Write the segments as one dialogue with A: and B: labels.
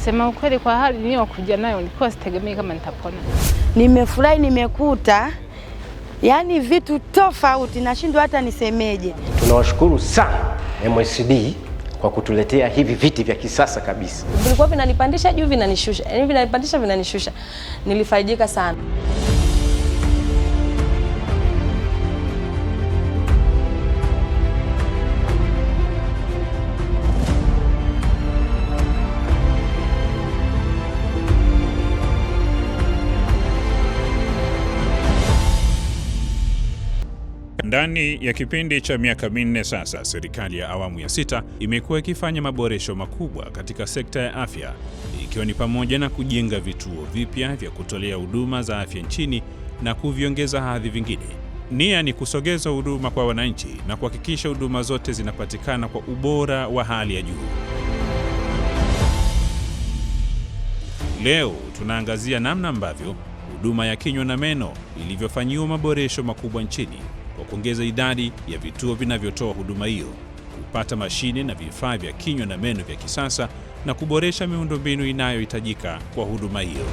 A: Kusema ukweli, kwa hali niliyokuja nayo nilikuwa sitegemei kama nitapona.
B: Nimefurahi nimekuta yaani vitu tofauti, nashindwa hata nisemeje.
C: Tunawashukuru sana MSD kwa kutuletea hivi viti vya kisasa kabisa.
D: Vilikuwa vinanipandisha juu vinanishusha, yaani vinanipandisha vinanishusha, nilifaidika sana.
E: Ndani ya kipindi cha miaka minne sasa, serikali ya awamu ya sita imekuwa ikifanya maboresho makubwa katika sekta ya afya, ikiwa ni pamoja na kujenga vituo vipya vya kutolea huduma za afya nchini na kuviongeza hadhi vingine. Nia ni kusogeza huduma kwa wananchi na kuhakikisha huduma zote zinapatikana kwa ubora wa hali ya juu. Leo tunaangazia namna ambavyo huduma ya kinywa na meno ilivyofanyiwa maboresho makubwa nchini kwa kuongeza idadi ya vituo vinavyotoa huduma hiyo, kupata mashine na vifaa vya kinywa na meno vya kisasa na kuboresha miundombinu inayohitajika kwa huduma hiyo.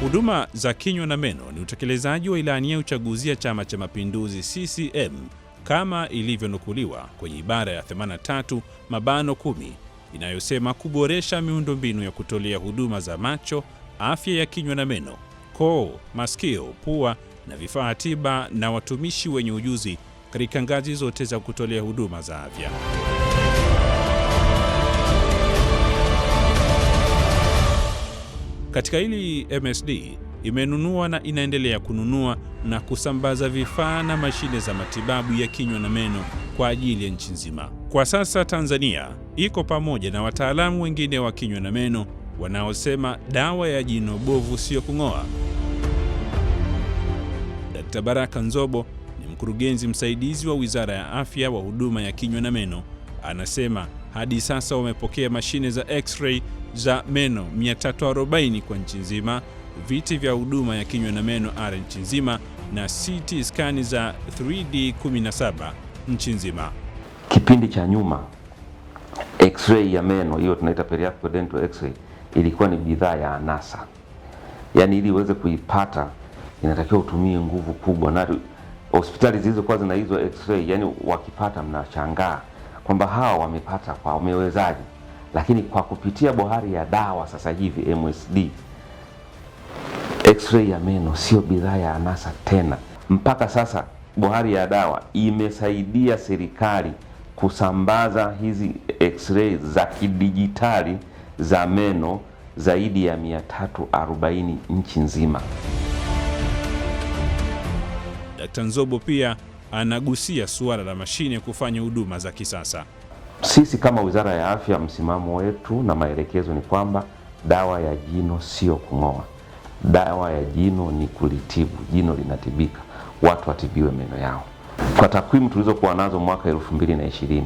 E: Huduma za kinywa na meno ni utekelezaji wa ilani ya uchaguzi ya Chama cha Mapinduzi CCM kama ilivyonukuliwa kwenye ibara ya 83 mabano 10 inayosema kuboresha miundombinu ya kutolea huduma za macho, afya ya kinywa na meno koo, masikio, pua na vifaa tiba na watumishi wenye ujuzi katika ngazi zote za kutolea huduma za afya. Katika hili MSD imenunua na inaendelea kununua na kusambaza vifaa na mashine za matibabu ya kinywa na meno kwa ajili ya nchi nzima. Kwa sasa Tanzania iko pamoja na wataalamu wengine wa kinywa na meno wanaosema dawa ya jino bovu sio kung'oa. Dkt. Baraka Nzobo ni mkurugenzi msaidizi wa Wizara ya Afya wa huduma ya kinywa na meno, anasema hadi sasa wamepokea mashine za x-ray za meno 340 kwa nchi nzima, viti vya huduma ya kinywa na meno R nchi nzima na CT skani za 3D 17 nchi nzima.
F: Kipindi cha nyuma x-ray ya meno hiyo tunaita periapical dental x-ray ilikuwa ni bidhaa ya anasa, yaani ili uweze kuipata inatakiwa utumie nguvu kubwa, na hospitali zilizokuwa zina hizo x-ray, yani wakipata mnashangaa kwamba hawa wamepata kwa wamewezaje, lakini kwa kupitia bohari ya dawa sasa hivi MSD, x-ray ya meno sio bidhaa ya anasa tena. Mpaka sasa bohari ya dawa imesaidia serikali kusambaza hizi x-ray za kidijitali za meno zaidi ya 340 nchi nzima.
E: Dkt. Nzobo pia anagusia suala la mashine kufanya huduma za kisasa.
F: Sisi kama Wizara ya Afya, msimamo wetu na maelekezo ni kwamba dawa ya jino sio kung'oa, dawa ya jino ni kulitibu. Jino linatibika, watu watibiwe meno yao. Kwa takwimu tulizokuwa nazo mwaka 2020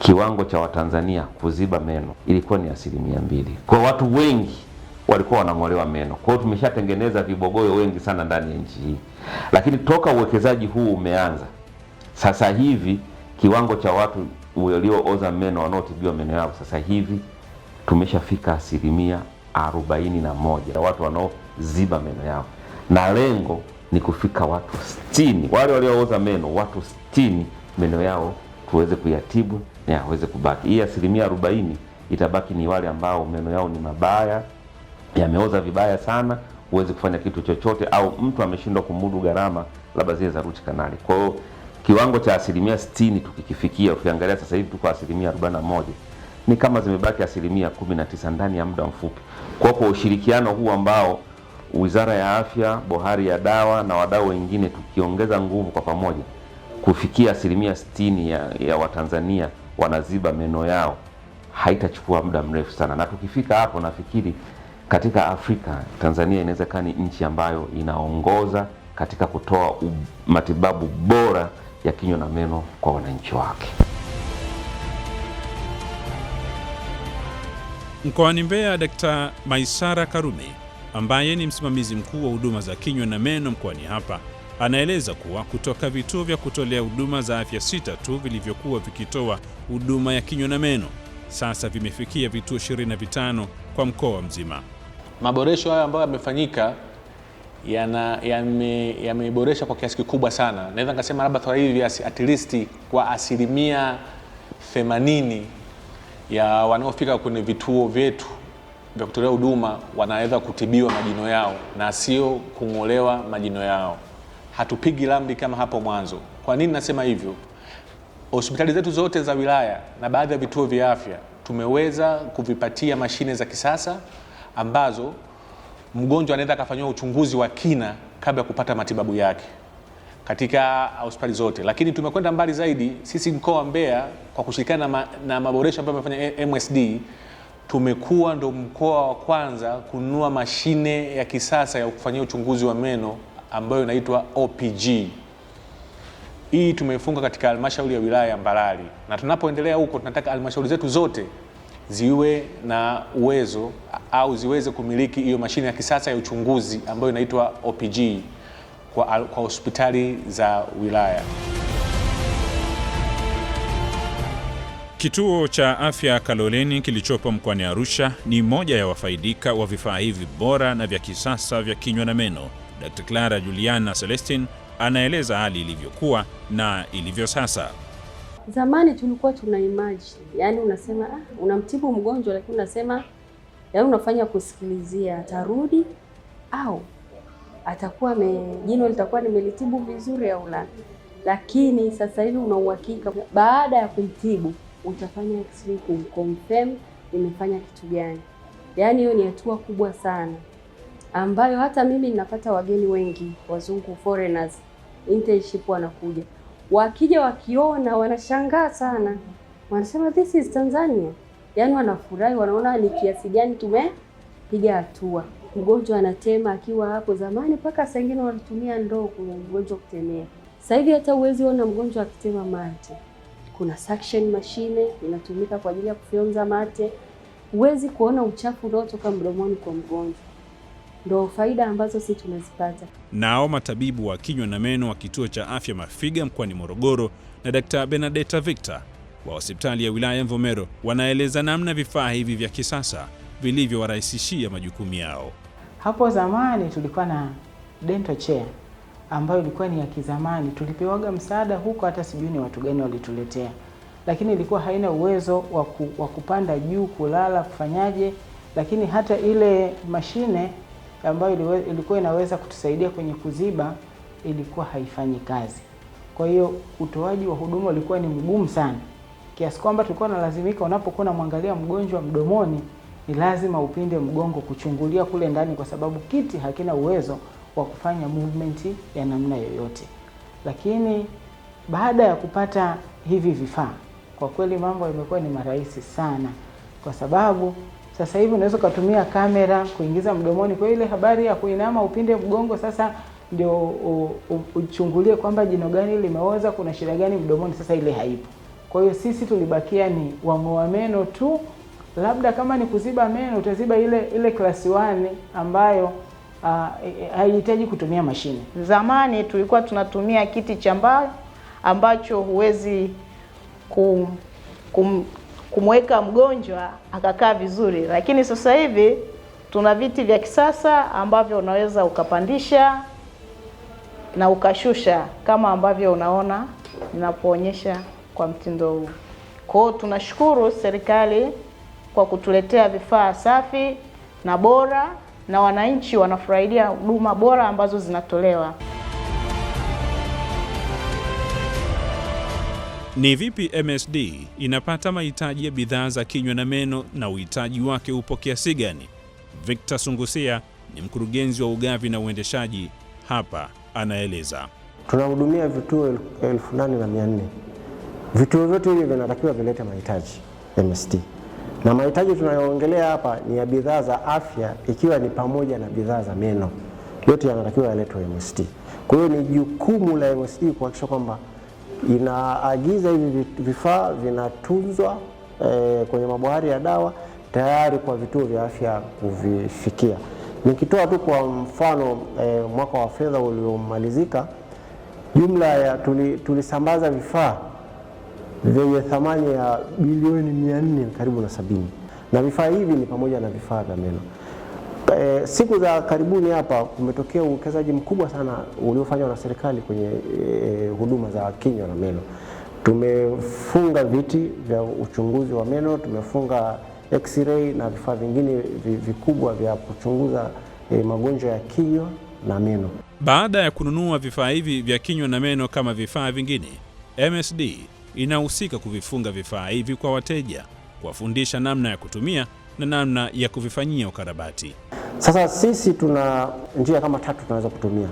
F: kiwango cha Watanzania kuziba meno ilikuwa ni asilimia mbili. Kwa watu wengi walikuwa wanang'olewa meno, kwa hiyo tumeshatengeneza vibogoyo wengi sana ndani ya nchi hii, lakini toka uwekezaji huu umeanza sasa hivi kiwango cha watu waliooza meno wanaotibiwa meno yao sasa hivi tumeshafika asilimia arobaini na moja ya watu wanaoziba meno yao, na lengo ni kufika watu sitini. Wale waliooza meno watu sitini meno yao tuweze kuyatibu na yaweze kubaki. Hii asilimia arobaini itabaki ni wale ambao meno yao ni mabaya, yameoza vibaya sana, huwezi kufanya kitu chochote, au mtu ameshindwa kumudu gharama labda zile za root canal. Kwa hiyo kiwango cha asilimia sitini tukikifikia, ukiangalia sasa hivi tuko asilimia arobaini na moja ni kama zimebaki asilimia kumi na tisa ndani ya muda mfupi. Kwa kwa ushirikiano huu ambao Wizara ya Afya, Bohari ya Dawa na wadau wengine tukiongeza nguvu kwa pamoja kufikia asilimia sitini ya, ya Watanzania wanaziba meno yao haitachukua muda mrefu sana, na tukifika hapo, nafikiri katika Afrika Tanzania inaweza kaa ni nchi ambayo inaongoza katika kutoa matibabu bora ya kinywa na meno kwa wananchi wake.
E: Mkoani Mbeya, Dkt. Maisara Karume ambaye ni msimamizi mkuu wa huduma za kinywa na meno mkoani hapa Anaeleza kuwa kutoka vituo vya kutolea huduma za afya sita tu vilivyokuwa vikitoa huduma ya kinywa na meno sasa vimefikia vituo 25 kwa mkoa mzima.
G: Maboresho hayo ambayo yamefanyika yameboresha yame kwa kiasi kikubwa sana, naweza nikasema labda sasa hivi at least kwa asilimia 80 ya wanaofika kwenye vituo vyetu vya kutolea huduma wanaweza kutibiwa majino yao na sio kung'olewa majino yao hatupigi lambi kama hapo mwanzo. Kwa nini nasema hivyo? Hospitali zetu zote za wilaya na baadhi ya vituo vya afya tumeweza kuvipatia mashine za kisasa ambazo mgonjwa anaweza akafanyiwa uchunguzi wa kina kabla ya kupata matibabu yake katika hospitali zote. Lakini tumekwenda mbali zaidi, sisi mkoa wa Mbeya kwa kushirikiana ma, na maboresho ambayo amefanya MSD, tumekuwa ndo mkoa wa kwanza kununua mashine ya kisasa ya kufanyia uchunguzi wa meno ambayo inaitwa OPG. Hii tumeifunga katika halmashauri ya wilaya ya Mbarali, na tunapoendelea huko, tunataka halmashauri zetu zote ziwe na uwezo au ziweze kumiliki hiyo mashine ya kisasa ya uchunguzi ambayo inaitwa OPG kwa, kwa hospitali za wilaya.
E: Kituo cha afya Kaloleni kilichopo mkoani Arusha ni moja ya wafaidika wa vifaa hivi bora na vya kisasa vya kinywa na meno. Dr. Clara Juliana Celestin anaeleza hali ilivyokuwa na ilivyo sasa.
H: Zamani tulikuwa tuna imagine, yani unasema ah, unamtibu mgonjwa lakini unasema yani unafanya kusikilizia atarudi au atakuwa jino litakuwa nimelitibu vizuri au la. Lakini sasa hivi una uhakika baada ya kumtibu utafanya x-ray kumconfirm imefanya kitu gani. Yaani hiyo ni hatua kubwa sana ambayo hata mimi ninapata wageni wengi wazungu, foreigners internship wanakuja, wakija wakiona wanashangaa sana, wanasema this is Tanzania. Yani wanafurahi, wanaona ni kiasi gani tumepiga hatua. Mgonjwa anatema akiwa hapo, zamani mpaka saa ingine walitumia ndoo kwa mgonjwa kutemea. Sasa hivi hata uwezi ona mgonjwa akitema mate, kuna suction mashine inatumika kwa ajili ya kufyonza mate, huwezi kuona uchafu unaotoka mdomoni kwa mgonjwa ndo faida ambazo sisi tunazipata.
E: Nao matabibu wa kinywa na meno wa kituo cha afya Mafiga mkoani Morogoro na Dkt. Benedetta Victor wa hospitali ya wilaya Mvomero wanaeleza namna vifaa hivi vya kisasa vilivyowarahisishia majukumu yao.
I: Hapo zamani tulikuwa na dental chair ambayo ilikuwa ni ya kizamani, tulipewaga msaada huko, hata sijui ni watu gani walituletea, lakini ilikuwa haina uwezo wa kupanda juu, kulala, kufanyaje, lakini hata ile mashine ambayo ilikuwa inaweza kutusaidia kwenye kuziba ilikuwa haifanyi kazi. Kwa hiyo utoaji wa huduma ulikuwa ni mgumu sana, kiasi kwamba tulikuwa nalazimika, unapokuwa namwangalia mgonjwa mdomoni, ni lazima upinde mgongo kuchungulia kule ndani, kwa sababu kiti hakina uwezo wa kufanya movement ya namna yoyote. Lakini baada ya kupata hivi vifaa, kwa kweli mambo yamekuwa ni marahisi sana, kwa sababu sasa hivi unaweza ukatumia kamera kuingiza mdomoni, kwa ile habari ya kuinama upinde mgongo sasa ndio uchungulie kwamba jino gani limeoza, kuna shida gani mdomoni, sasa ile haipo. Kwa hiyo sisi tulibakia ni wang'oa meno tu, labda kama ni kuziba meno utaziba ile ile klasi 1 ambayo haihitaji kutumia mashine.
J: Zamani tulikuwa tunatumia kiti cha mbao ambacho huwezi kum, kum, kumweka mgonjwa akakaa vizuri, lakini sasa hivi tuna viti vya kisasa ambavyo unaweza ukapandisha na ukashusha kama ambavyo unaona ninapoonyesha kwa mtindo huu. Kwa hiyo tunashukuru serikali kwa kutuletea vifaa safi na bora na wananchi wanafurahia huduma bora ambazo zinatolewa.
E: Ni vipi MSD inapata mahitaji ya bidhaa za kinywa na meno na uhitaji wake upo kiasi gani? Victor Sungusia ni mkurugenzi wa ugavi na uendeshaji hapa, anaeleza.
K: Tunahudumia vituo elfu nane na mia nne. Vituo vyote hivi vinatakiwa vilete mahitaji MSD, na mahitaji tunayoongelea hapa ni ya bidhaa za afya, ikiwa ni pamoja na bidhaa za meno, yote yanatakiwa yaletwe MSD. Kwa hiyo ni jukumu la MSD kuhakikisha kwamba inaagiza hivi vifaa vinatunzwa e, kwenye mabohari ya dawa tayari kwa vituo vya afya kuvifikia. Nikitoa tu kwa mfano e, mwaka wa fedha uliomalizika jumla ya tuli, tulisambaza vifaa vyenye thamani ya bilioni 400 karibu na sabini, na vifaa hivi ni pamoja na vifaa vya meno. E, siku za karibuni hapa kumetokea uwekezaji mkubwa sana uliofanywa na serikali kwenye e, huduma za kinywa na meno. Tumefunga viti vya uchunguzi wa meno, tumefunga x-ray na vifaa vingine vikubwa vya kuchunguza e, magonjwa ya kinywa na meno.
E: Baada ya kununua vifaa hivi vya kinywa na meno kama vifaa vingine, MSD inahusika kuvifunga vifaa hivi kwa wateja, kuwafundisha namna ya kutumia na namna ya kuvifanyia ukarabati.
K: Sasa sisi tuna njia kama tatu tunaweza kutumia.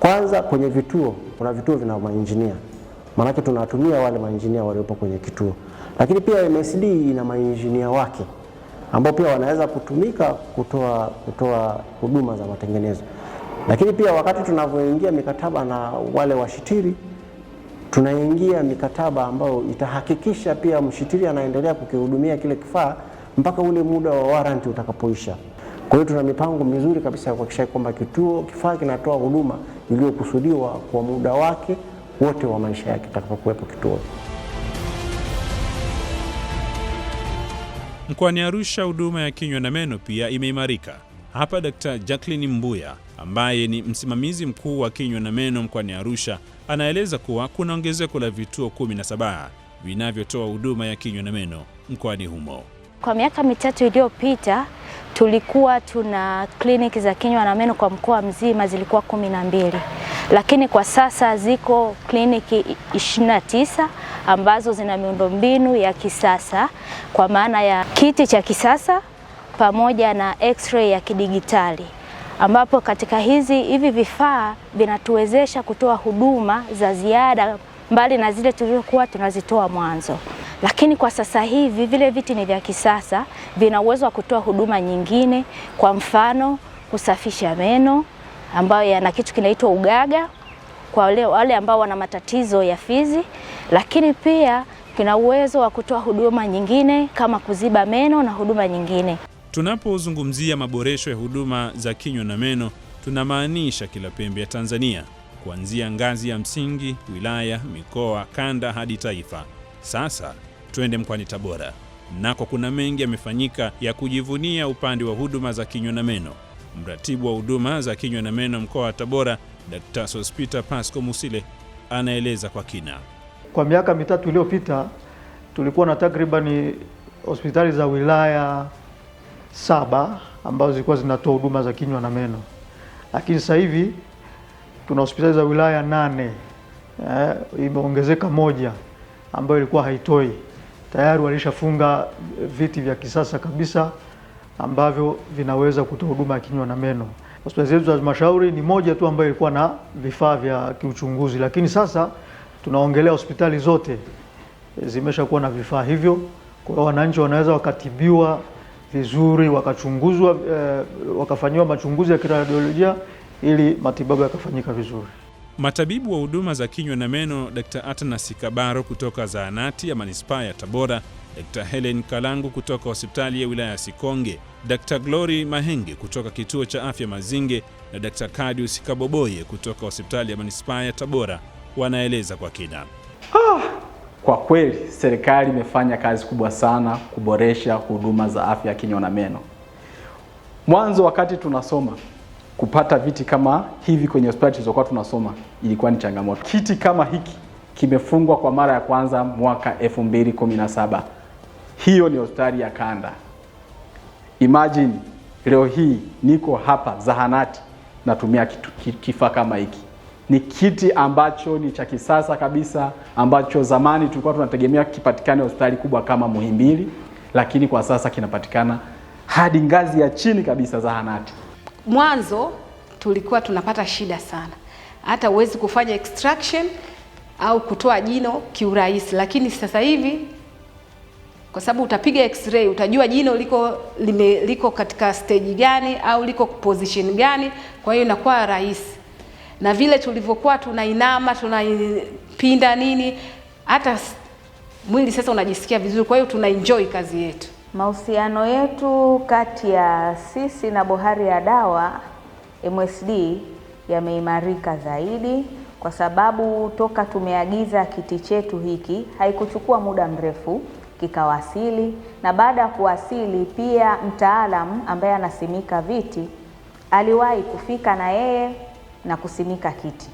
K: Kwanza, kwenye vituo, kuna vituo vina mainjinia, maanake tunawatumia wale mainjinia waliopo kwenye kituo, lakini pia MSD ina mainjinia wake ambao pia wanaweza kutumika kutoa kutoa huduma za matengenezo. Lakini pia wakati tunavyoingia mikataba na wale washitiri, tunaingia mikataba ambayo itahakikisha pia mshitiri anaendelea kukihudumia kile kifaa mpaka ule muda wa warranty utakapoisha. Kwa hiyo tuna mipango mizuri kabisa ya kuhakikisha kwamba kituo kifaa kinatoa huduma iliyokusudiwa kwa muda wake wote wa maisha yake kitakapokuwepo kituo.
E: Mkoani Arusha, huduma ya kinywa na meno pia imeimarika. Hapa Dkt. Jacqueline Mbuya ambaye ni msimamizi mkuu wa kinywa na meno mkoani Arusha anaeleza kuwa kuna ongezeko la vituo 17 vinavyotoa huduma ya kinywa na meno mkoani humo.
L: Kwa miaka mitatu iliyopita tulikuwa tuna kliniki za kinywa na meno kwa mkoa mzima zilikuwa kumi na mbili, lakini kwa sasa ziko kliniki ishirini na tisa ambazo zina miundombinu ya kisasa kwa maana ya kiti cha kisasa pamoja na x-ray ya kidigitali ambapo katika hizi hivi vifaa vinatuwezesha kutoa huduma za ziada mbali na zile tulizokuwa tunazitoa mwanzo. Lakini kwa sasa hivi vile viti ni vya kisasa, vina uwezo wa kutoa huduma nyingine, kwa mfano kusafisha meno ambayo yana kitu kinaitwa ugaga kwa wale, wale ambao wana matatizo ya fizi, lakini pia kina uwezo wa kutoa huduma nyingine kama kuziba meno na huduma nyingine.
E: Tunapozungumzia maboresho ya huduma za kinywa na meno, tunamaanisha kila pembe ya Tanzania kuanzia ngazi ya msingi, wilaya, mikoa, kanda hadi taifa. Sasa twende mkoani Tabora, nako kuna mengi yamefanyika ya kujivunia upande wa huduma za kinywa na meno. Mratibu wa huduma za kinywa na meno mkoa wa Tabora, Dkt. Sospita Pasco Musile anaeleza kwa kina.
M: Kwa miaka mitatu iliyopita tulikuwa na takribani hospitali za wilaya saba ambazo zilikuwa zinatoa huduma za kinywa na meno, lakini sasa hivi tuna hospitali za wilaya nane eh, imeongezeka moja ambayo ilikuwa haitoi. Tayari walishafunga viti vya kisasa kabisa ambavyo vinaweza kutoa huduma ya kinywa na meno. Hospitali zetu za halmashauri ni moja tu ambayo ilikuwa na vifaa vya kiuchunguzi, lakini sasa tunaongelea hospitali zote zimeshakuwa na vifaa hivyo. Kwa hiyo wananchi wanaweza wakatibiwa vizuri, wakachunguzwa, eh, wakafanyiwa machunguzi ya kiradiolojia ili matibabu yakafanyika vizuri.
E: Matabibu wa huduma za kinywa na meno Dr. Atanas Kabaro kutoka zahanati ya manispaa ya Tabora, Dr. Helen Kalangu kutoka hospitali ya wilaya ya Sikonge, Dr. Glory Mahenge kutoka kituo cha afya Mazinge na Dr. Kadius Kaboboye kutoka hospitali ya manispaa ya Tabora wanaeleza kwa kina. Ah,
N: kwa kweli serikali imefanya kazi kubwa sana kuboresha huduma za afya ya kinywa na meno. Mwanzo wakati tunasoma kupata viti kama hivi kwenye hospitali tulizokuwa tunasoma ilikuwa ni changamoto. Kiti kama hiki kimefungwa kwa mara ya kwanza mwaka 2017. Hiyo ni hospitali ya kanda. Imagine leo hii niko hapa zahanati natumia kitu, kifaa kama hiki. Ni kiti ambacho ni cha kisasa kabisa, ambacho zamani tulikuwa tunategemea kipatikane hospitali kubwa kama Muhimbili, lakini kwa sasa kinapatikana hadi ngazi ya chini kabisa zahanati
O: mwanzo tulikuwa tunapata shida sana, hata huwezi kufanya extraction au kutoa jino kiurahisi, lakini sasa hivi kwa sababu utapiga x-ray utajua jino liko lime, liko katika stage gani au liko position gani. Kwa hiyo inakuwa rahisi, na vile tulivyokuwa tunainama tunapinda nini, hata mwili sasa unajisikia vizuri. Kwa hiyo enjoy kazi yetu.
P: Mahusiano yetu kati ya sisi na Bohari ya Dawa MSD yameimarika zaidi, kwa sababu toka tumeagiza kiti chetu hiki haikuchukua muda mrefu kikawasili, na baada ya kuwasili pia mtaalamu ambaye anasimika viti aliwahi kufika na yeye na kusimika kiti.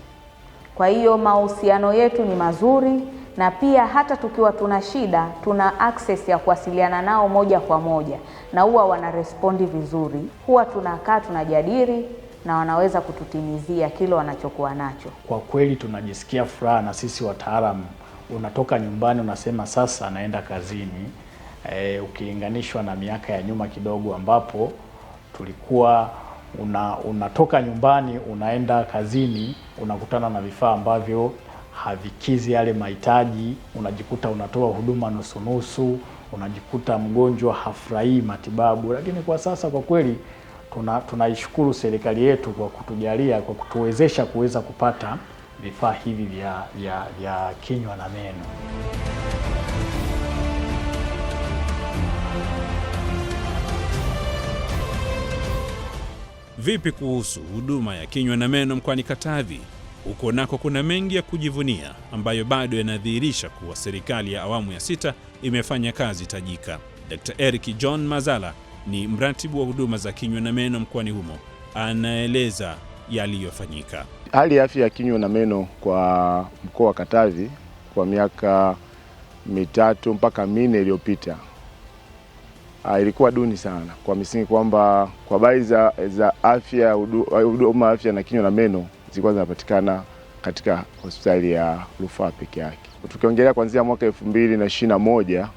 P: Kwa hiyo mahusiano yetu ni mazuri na pia hata tukiwa tuna shida tuna access ya kuwasiliana nao moja kwa moja, na huwa wanarespondi vizuri. Huwa tunakaa tunajadili na wanaweza kututimizia kile wanachokuwa nacho.
Q: Kwa kweli tunajisikia furaha na sisi wataalamu, unatoka nyumbani unasema sasa naenda kazini. E, ukilinganishwa na miaka ya nyuma kidogo ambapo tulikuwa una, unatoka nyumbani unaenda kazini unakutana na vifaa ambavyo havikizi yale mahitaji, unajikuta unatoa huduma nusunusu, unajikuta mgonjwa hafurahii matibabu. Lakini kwa sasa kwa kweli tuna tunaishukuru serikali yetu kwa kutujalia, kwa kutuwezesha kuweza kupata vifaa hivi vya, vya, vya kinywa na meno.
E: Vipi kuhusu huduma ya kinywa na meno mkoani Katavi? Huko nako kuna mengi ya kujivunia ambayo bado yanadhihirisha kuwa serikali ya awamu ya sita imefanya kazi tajika. Dr. Eric John Mazala ni mratibu wa huduma za kinywa na meno mkoani humo, anaeleza yaliyofanyika.
R: Hali ya afya ya kinywa na meno kwa mkoa wa Katavi kwa miaka mitatu mpaka minne iliyopita ah, ilikuwa duni sana, kwa misingi kwamba kwa habari za, za afya huduma afya na kinywa na meno zilikuwa zinapatikana katika hospitali ya rufaa peke yake. Tukiongelea kuanzia mwaka elfu mbili na ishirini na moja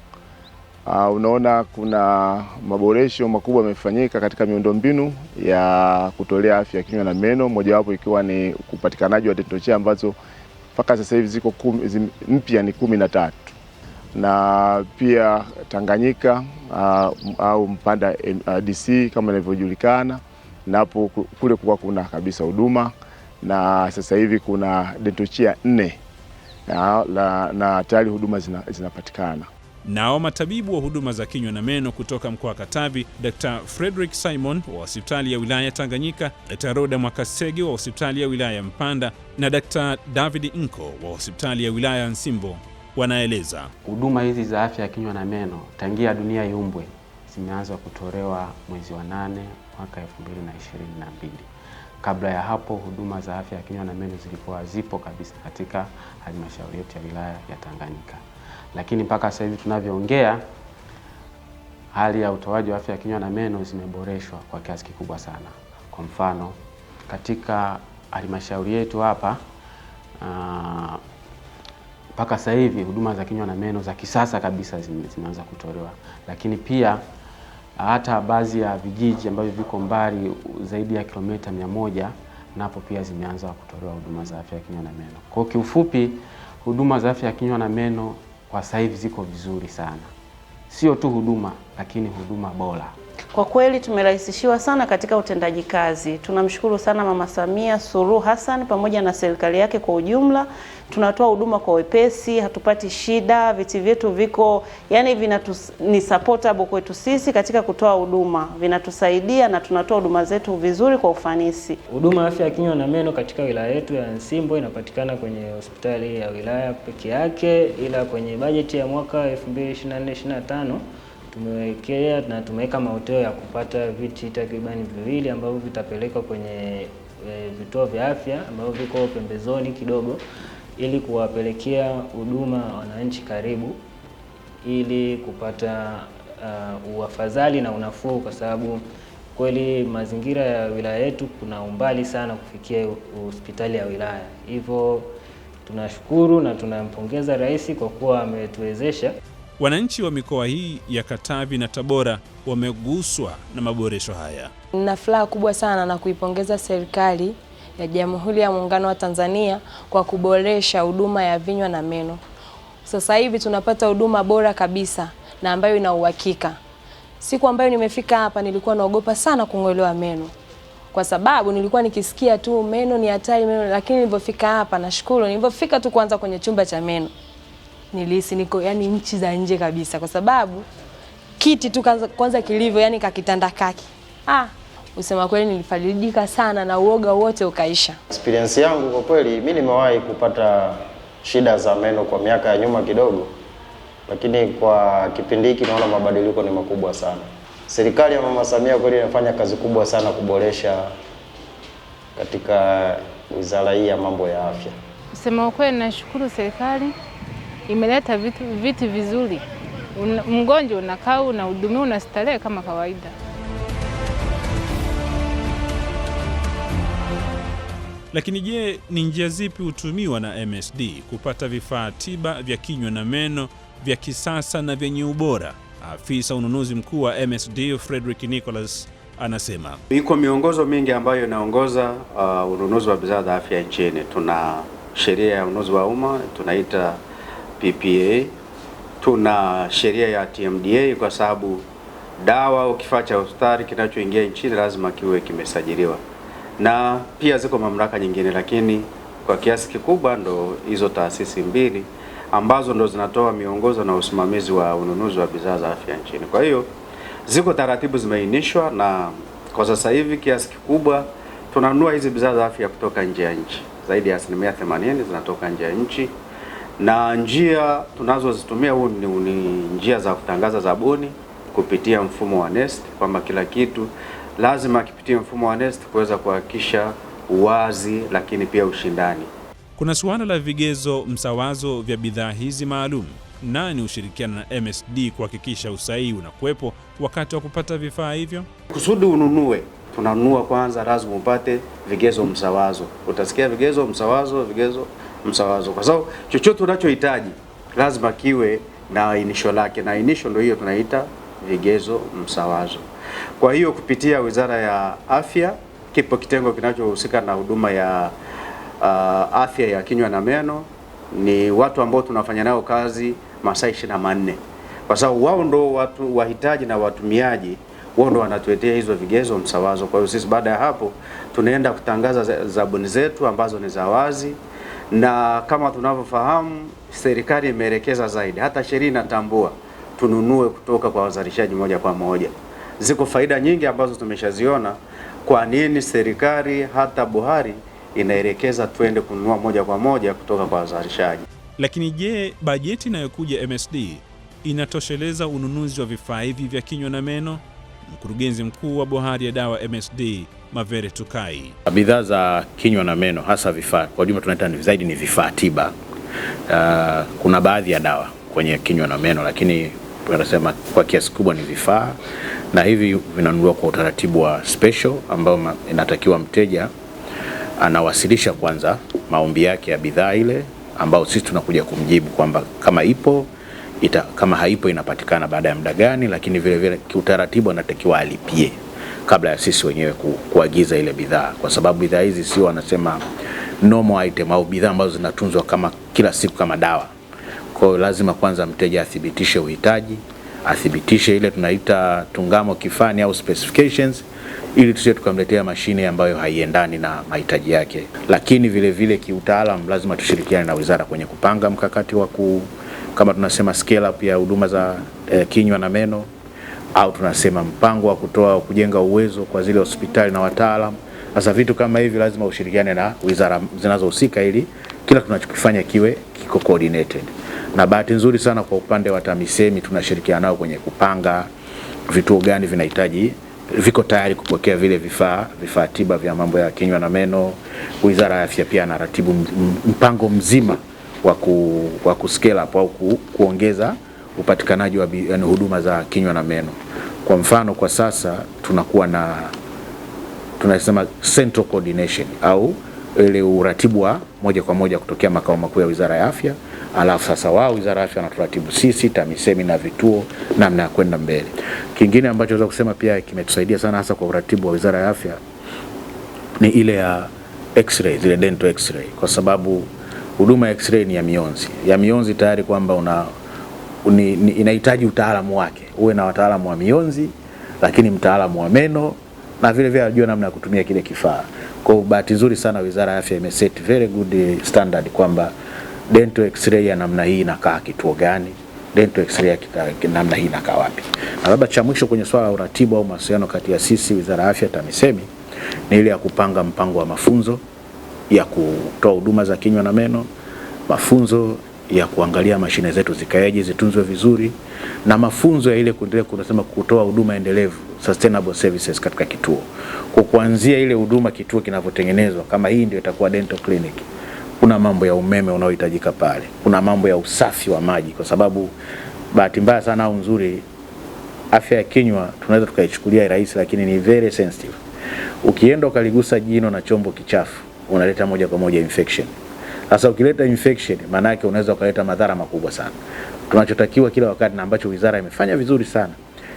R: uh, unaona kuna maboresho makubwa yamefanyika katika miundombinu ya kutolea afya ya kinywa na meno, mojawapo ikiwa ni upatikanaji wa dentochea ambazo mpaka sasa hivi ziko mpya ni kumi na tatu na pia Tanganyika uh, au Mpanda uh, ah, DC kama inavyojulikana, napo kule kuwa kuna kabisa huduma na sasa hivi kuna dentochia nne na, na, na tayari huduma zina, zinapatikana.
E: Nao matabibu wa huduma za kinywa na meno kutoka mkoa wa Katavi, Dr. Frederick Simon wa hospitali ya wilaya Tanganyika, Dr. Roda Mwakasege wa hospitali ya wilaya ya Mpanda na Dr. David Nko wa hospitali ya wilaya ya Nsimbo wanaeleza
S: huduma hizi za afya ya kinywa na meno tangia dunia iumbwe zimeanza kutolewa mwezi wa nane mwaka 2022. Kabla ya hapo huduma za afya ya kinywa na meno zilikuwa zipo kabisa katika halmashauri yetu ya wilaya ya Tanganyika, lakini mpaka sasa hivi tunavyoongea, hali ya utoaji wa afya ya kinywa na meno zimeboreshwa kwa kiasi kikubwa sana. Kwa mfano, katika halmashauri yetu hapa ah, mpaka sasa hivi huduma za kinywa na meno za kisasa kabisa zimeanza kutolewa, lakini pia hata baadhi ya vijiji ambavyo viko mbali zaidi ya kilomita mia moja napo pia zimeanza kutolewa huduma za afya ya kinywa na meno. Kwa kiufupi, huduma za afya ya kinywa na meno kwa sasa hivi ziko vizuri sana, sio tu huduma lakini huduma bora.
O: Kwa kweli tumerahisishiwa sana katika utendaji kazi. Tunamshukuru sana Mama Samia Suluhu Hassan pamoja na serikali yake kwa ujumla. Tunatoa huduma kwa wepesi, hatupati shida, viti vyetu viko yani vinatu, ni supportable kwetu sisi katika kutoa huduma, vinatusaidia na tunatoa huduma zetu vizuri kwa ufanisi.
T: Huduma afya ya kinywa na meno katika wilaya yetu ya Nsimbo inapatikana kwenye hospitali ya wilaya peke yake, ila kwenye bajeti ya mwaka 2024/2025 tumewekea na tumeweka maoteo ya kupata viti takribani viwili ambavyo vitapelekwa kwenye e, vituo vya afya ambavyo viko pembezoni kidogo ili kuwapelekea huduma wananchi karibu ili kupata uh, uafadhali na unafuu, kwa sababu kweli mazingira ya wilaya yetu kuna umbali sana kufikia hospitali ya wilaya. Hivyo tunashukuru na tunampongeza Rais kwa kuwa ametuwezesha
E: Wananchi wa mikoa hii ya Katavi na Tabora wameguswa na maboresho haya.
L: Nina furaha kubwa sana na kuipongeza serikali ya Jamhuri ya Muungano wa Tanzania kwa kuboresha huduma ya vinywa na meno. Sasa hivi tunapata huduma bora kabisa na ambayo ina uhakika. Siku ambayo nimefika hapa nilikuwa naogopa sana kung'olewa meno kwa sababu nilikuwa nikisikia tu meno ni hatari meno, lakini nilipofika hapa nashukuru, nilipofika tu kwanza kwenye chumba cha meno nilihisi niko yani nchi za nje kabisa, kwa sababu kiti tu kwanza kilivyo, yani kakitanda kaki. Ah, usema kweli nilifarijika sana na uoga wote ukaisha.
U: Experience yangu kwa kweli, mi nimewahi kupata shida za meno kwa miaka ya nyuma kidogo, lakini kwa kipindi hiki naona mabadiliko ni makubwa sana. Serikali ya Mama Samia kweli inafanya kazi kubwa sana kuboresha katika wizara hii ya mambo ya afya.
A: Kusema ukweli, nashukuru serikali imeleta vitu, vitu vizuri. mgonjwa unakaa unahudumiwa unastarehe kama kawaida.
E: Lakini je, ni njia zipi hutumiwa na MSD kupata vifaa tiba vya kinywa na meno vya kisasa na vyenye ubora? Afisa ununuzi mkuu wa MSD Frederick Nicholas anasema
V: iko miongozo mingi ambayo inaongoza uh, ununuzi wa bidhaa za afya nchini. Tuna sheria ya ununuzi wa umma tunaita PPA, tuna sheria ya TMDA kwa sababu dawa au kifaa cha hospitali kinachoingia nchini lazima kiwe kimesajiliwa, na pia ziko mamlaka nyingine, lakini kwa kiasi kikubwa ndo hizo taasisi mbili ambazo ndo zinatoa miongozo na usimamizi wa ununuzi wa bidhaa za afya nchini. Kwa hiyo ziko taratibu zimeainishwa, na kwa sasa hivi kiasi kikubwa tunanunua hizi bidhaa za afya kutoka nje ya nchi. Zaidi ya asilimia 80 zinatoka nje ya nchi na njia tunazozitumia huu ni, ni njia za kutangaza zabuni kupitia mfumo wa NeST, kwamba kila kitu lazima kipitie mfumo wa NeST kuweza kuhakikisha uwazi, lakini pia ushindani.
E: Kuna suala la vigezo msawazo vya bidhaa hizi maalum. Nani hushirikiana na MSD kuhakikisha usahihi unakuwepo wakati wa kupata vifaa hivyo?
V: Kusudi ununue, tunanunua kwanza, lazima upate vigezo msawazo. Utasikia vigezo msawazo, vigezo msawazo, kwa sababu chochote unachohitaji lazima kiwe na ainisho lake, na ainisho ndio hiyo tunaita vigezo msawazo. Kwa hiyo kupitia Wizara ya Afya kipo kitengo kinachohusika na huduma ya uh, afya ya kinywa na meno. Ni watu ambao tunafanya nao kazi masaa ishirini na manne kwa sababu wao ndo watu wahitaji na watumiaji wao ndo wanatuletea hizo vigezo msawazo. Kwa hiyo sisi baada ya hapo tunaenda kutangaza zabuni zetu ambazo ni za wazi na kama tunavyofahamu, serikali imeelekeza zaidi, hata sheria inatambua tununue kutoka kwa wazalishaji moja kwa moja. Ziko faida nyingi ambazo tumeshaziona. Kwa nini serikali hata bohari inaelekeza twende kununua moja kwa moja kutoka kwa wazalishaji?
E: Lakini je, bajeti inayokuja MSD inatosheleza ununuzi wa vifaa hivi vya kinywa na meno? Mkurugenzi mkuu wa bohari ya dawa MSD Mavere Tukai.
W: Bidhaa za kinywa na meno hasa vifaa kwa jumla tunaita zaidi ni vifaa tiba. Uh, kuna baadhi ya dawa kwenye kinywa na meno, lakini wanasema kwa kiasi kubwa ni vifaa, na hivi vinanunuliwa kwa utaratibu wa special ambao inatakiwa mteja anawasilisha kwanza maombi yake ya bidhaa ile, ambao sisi tunakuja kumjibu kwamba kama ipo ita, kama haipo inapatikana baada ya muda gani, lakini vilevile kiutaratibu anatakiwa alipie kabla ya sisi wenyewe ku, kuagiza ile bidhaa, kwa sababu bidhaa hizi sio wanasema normal item au bidhaa ambazo zinatunzwa kama kila siku kama dawa. Kwa hiyo lazima kwanza mteja athibitishe uhitaji, athibitishe ile tunaita tungamo kifani au specifications, ili tusije tukamletea mashine ambayo haiendani na mahitaji yake. Lakini vile vile kiutaalamu, lazima tushirikiane na wizara kwenye kupanga mkakati wa ku, kama tunasema scale up ya huduma za eh, kinywa na meno au tunasema mpango wa kutoa kujenga uwezo kwa zile hospitali na wataalamu. Sasa vitu kama hivi lazima ushirikiane na wizara zinazohusika ili kila tunachokifanya kiwe kiko coordinated. Na bahati nzuri sana kwa upande wa TAMISEMI tunashirikiana nao kwenye kupanga vituo gani vinahitaji viko tayari kupokea vile vifaa vifaa tiba vya mambo ya kinywa na meno. Wizara ya Afya pia anaratibu mpango mzima wa ku, wa ku scale up au ku, kuongeza upatikanaji wa yani, huduma za kinywa na meno. Kwa mfano, kwa sasa tunakuwa na tunasema central coordination au ile uratibu wa moja kwa moja kutokea makao makuu ya Wizara ya Afya, alafu sasa wao Wizara ya Afya wanaturatibu sisi TAMISEMI na vituo namna ya kwenda mbele. Kingine ambacho naweza kusema pia kimetusaidia sana hasa kwa uratibu wa Wizara ya Afya ni ile ya x-ray, zile dental x-ray, kwa sababu huduma ya x-ray ni ya mionzi ya mionzi tayari kwamba una ni, ni, inahitaji utaalamu wake, uwe na wataalamu wa mionzi, lakini mtaalamu wa meno na vile vile ajue namna ya kutumia kile kifaa. Kwa bahati nzuri sana Wizara ya Afya imeset very good standard kwamba dental x-ray ya namna hii inakaa kituo gani, dental x-ray ya namna hii inakaa wapi. Na labda cha mwisho kwenye swala la uratibu au mawasiliano kati ya sisi Wizara ya Afya TAMISEMI ni ile ya kupanga mpango wa mafunzo ya kutoa huduma za kinywa na meno, mafunzo ya kuangalia mashine zetu zikaeje, zitunzwe vizuri na mafunzo ya ile kuendelea kunasema kutoa huduma endelevu sustainable services katika kituo, kwa kuanzia ile huduma kituo kinavyotengenezwa. Kama hii ndio itakuwa dental clinic, kuna mambo ya umeme unaohitajika pale, kuna mambo ya usafi wa maji, kwa sababu bahati mbaya sana au nzuri, afya ya kinywa tunaweza tukaichukulia rahisi, lakini ni very sensitive. Ukienda ukaligusa jino na chombo kichafu, unaleta moja kwa moja infection. Sasa ukileta infection, maana yake unaweza ukaleta madhara makubwa sana. Tunachotakiwa kila wakati na ambacho wizara imefanya vizuri sana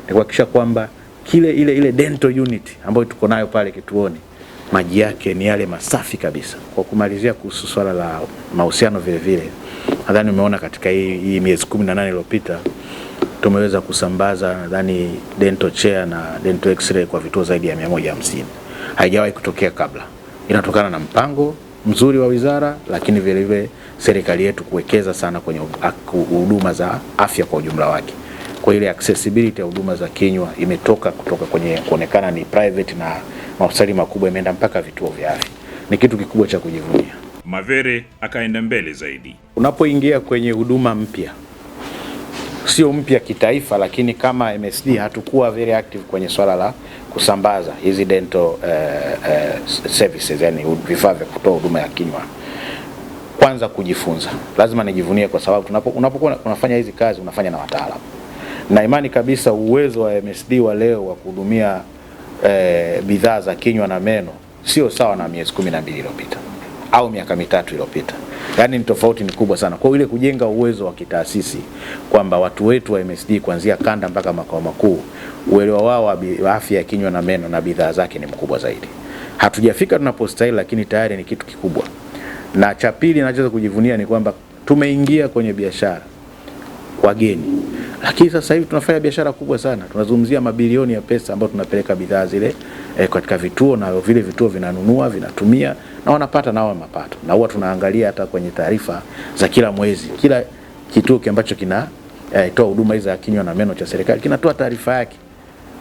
W: ni kuhakikisha kwamba kile ile ile dental unit ambayo tuko nayo pale kituoni maji yake ni yale masafi kabisa. Kwa kumalizia, kuhusu swala la mahusiano vile vile, nadhani umeona katika hii, hii miezi kumi na nane iliyopita tumeweza kusambaza nadhani dental chair na dental x-ray kwa vituo zaidi ya 150. Haijawahi kutokea kabla, inatokana na mpango mzuri wa wizara, lakini vilevile serikali yetu kuwekeza sana kwenye huduma za afya kwa ujumla wake. Kwa ile accessibility ya huduma za kinywa imetoka kutoka kwenye kuonekana ni private na mahospitali makubwa imeenda mpaka vituo vya afya. Ni kitu kikubwa cha kujivunia.
E: Mavere akaenda mbele zaidi.
W: Unapoingia kwenye huduma mpya sio mpya kitaifa, lakini kama MSD hatukuwa very active kwenye swala la kusambaza hizi dental uh, uh, services, yani vifaa vya kutoa huduma ya kinywa. Kwanza kujifunza, lazima nijivunie, kwa sababu unapokuwa unafanya hizi kazi unafanya na wataalamu, na imani kabisa uwezo wa MSD wa leo wa kuhudumia uh, bidhaa za kinywa na meno sio sawa na miezi kumi na mbili iliyopita au miaka mitatu iliyopita. Yaani ni tofauti ni kubwa sana. Kwa ile kujenga uwezo wa kitaasisi kwamba watu wetu wa MSD kuanzia kanda mpaka makao makuu, uelewa wao wa afya ya kinywa na meno na bidhaa zake ni mkubwa zaidi. Hatujafika tunapostahili, lakini tayari ni kitu kikubwa. Na cha pili ninachoweza kujivunia ni kwamba tumeingia kwenye biashara wageni lakini sasa hivi tunafanya biashara kubwa sana, tunazungumzia mabilioni ya pesa ambayo tunapeleka bidhaa zile eh, katika vituo na vile vituo vinanunua, vinatumia na wanapata nao mapato, na huwa tunaangalia hata kwenye taarifa za kila mwezi, kila kituo ambacho kina eh, toa huduma hizo za kinywa na meno cha serikali kinatoa taarifa yake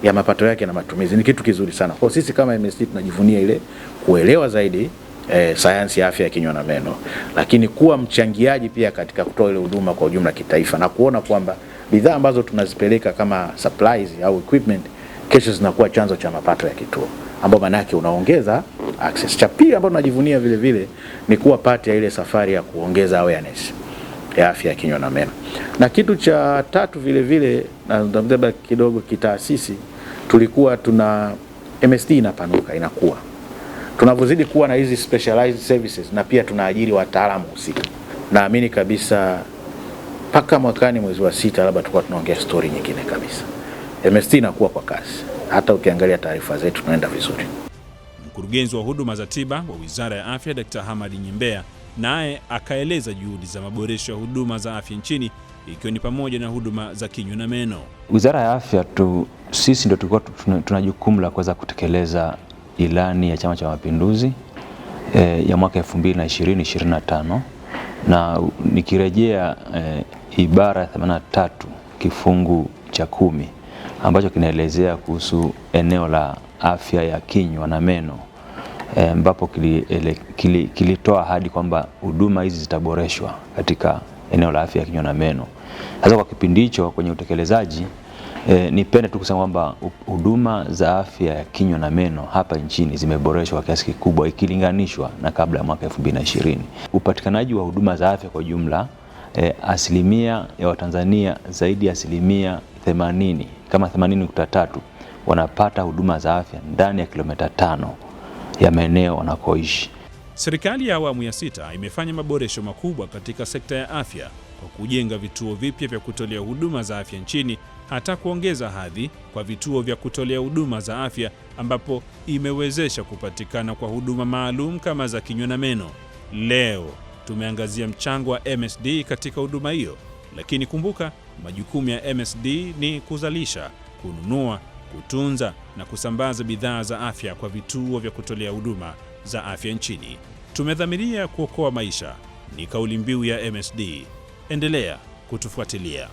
W: ya mapato yake na matumizi. Ni kitu kizuri sana kwa sisi kama MSD, tunajivunia ile kuelewa zaidi eh, sayansi ya afya ya kinywa na meno, lakini kuwa mchangiaji pia katika kutoa ile huduma kwa ujumla kitaifa na kuona kwamba bidhaa ambazo tunazipeleka kama supplies au equipment kesho zinakuwa chanzo cha mapato ya kituo, ambao maana yake unaongeza access. Cha pili ambao tunajivunia vile vile ni kuwa pati ya ile safari ya kuongeza awareness ya afya ya kinywa na meno, na kitu cha tatu vile vile, na kidogo kitaasisi, tulikuwa tuna MSD inapanuka inakuwa tunavyozidi kuwa na hizi specialized services na pia tunaajiri wataalamu husika, naamini kabisa mpaka mwakani mwezi wa sita, labda tukuwa tunaongea stori nyingine kabisa. MST inakuwa kwa kasi, hata ukiangalia taarifa zetu tunaenda vizuri.
E: Mkurugenzi wa huduma za tiba wa Wizara ya Afya Dkt. Hamadi Nyimbea naye akaeleza juhudi za maboresho ya huduma za afya nchini ikiwa ni pamoja na huduma za kinywa na meno.
X: Wizara ya Afya tu sisi ndio tulikuwa tuna jukumu la kuweza kutekeleza ilani ya Chama cha Mapinduzi eh, ya mwaka 2020 2025 na nikirejea e, ibara ya 83 kifungu cha kumi ambacho kinaelezea kuhusu eneo la afya ya kinywa na meno eh, ambapo e, kilitoa kili, kili ahadi kwamba huduma hizi zitaboreshwa katika eneo la afya ya kinywa na meno. Sasa kwa kipindi hicho kwenye utekelezaji E, nipende tu kusema kwamba huduma za afya ya kinywa na meno hapa nchini zimeboreshwa kwa kiasi kikubwa ikilinganishwa na kabla ya mwaka 2020. Upatikanaji wa huduma za afya kwa jumla e, asilimia ya Watanzania zaidi ya asilimia 80 kama 80.3 wanapata huduma za afya ndani ya kilomita tano ya maeneo wanakoishi.
E: Serikali ya awamu ya sita imefanya maboresho makubwa katika sekta ya afya kwa kujenga vituo vipya vya kutolea huduma za afya nchini hata kuongeza hadhi kwa vituo vya kutolea huduma za afya ambapo imewezesha kupatikana kwa huduma maalum kama za kinywa na meno. Leo tumeangazia mchango wa MSD katika huduma hiyo, lakini kumbuka, majukumu ya MSD ni kuzalisha, kununua, kutunza na kusambaza bidhaa za afya kwa vituo vya kutolea huduma za afya nchini. Tumedhamiria kuokoa maisha, ni kauli mbiu ya MSD. Endelea kutufuatilia.